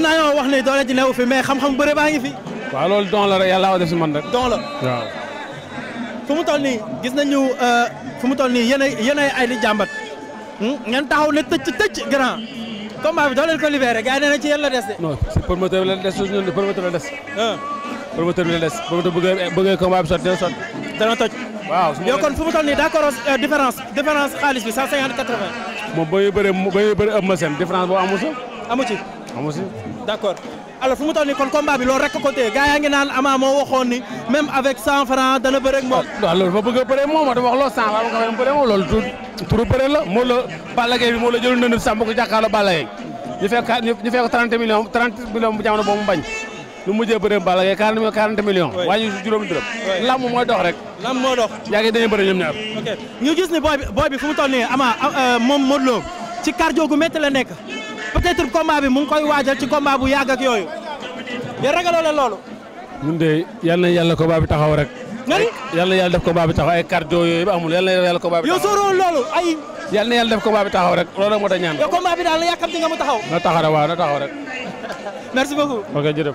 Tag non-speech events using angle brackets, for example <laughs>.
mën naa yoo wax ne doole ji newu fi mais xam-xam bëre baa ngi fi. waaw loolu don la rek yàlla def si man rek. don waaw. fu mu toll nii gis nañu euh, fu mu toll nii yéenay yéenay ay li jàmbat hmm? ngeen taxaw ne tëcc tëcc grand combat bi doo leen ko libéré gars yi ci yéen la des de. non si promoteur bi la des suñu ñun promoteur la des. promoteur bi la des ah. promoteur bëggee bëggee combat bi sotti dina sotti. dana toj. waaw yow kon fu mu toll nii d'accord euh, différence différence xaalis bi moom ba muy ëpp ma seen différence boo amu si. ci. amu si. d' accord alors fu mu toll nii kon combat bi loolu rek ko téye gars yaa ngi naan Ama moo waxoon ni même avec 100 francs dana bëre ak moom. Ah, waaw loolu fa bëgg a bëree moom dafa wax loolu 100 francs nga bëree moom loolu turu bëre la moo la Balla Gaye bi moo la jëloon nënd sàmm ko jàkkaarloo Balla bañ. lu mujjee bëree Balla Gaye 40 40 millions. oui wàññi juróomi dërëm. oui lamb mooy dox rek. yaa ngi dañuy bëri ñoom ñaar. ñu gis ni booy bi fu peut-être combat bi mu ngi koy waajal ci combat bu yàgg ak yooyu yéen ragaloo leen loolu. ñun de yal na yàlla combat bi taxaw rek. nga ni yal na yàlla def combat bi taxaw ay kar yooyu ba amul yal na yàlla combat bi taxaw yow sóoroo loolu ay. na yàlla def taxaw rek loolu nag moo tax ñaan. yow combat bi daal la yàkkamti mu taxaw. na taxaw rek waaw na taxaw rek. <laughs> merci beaucoup. ok jërëjëf.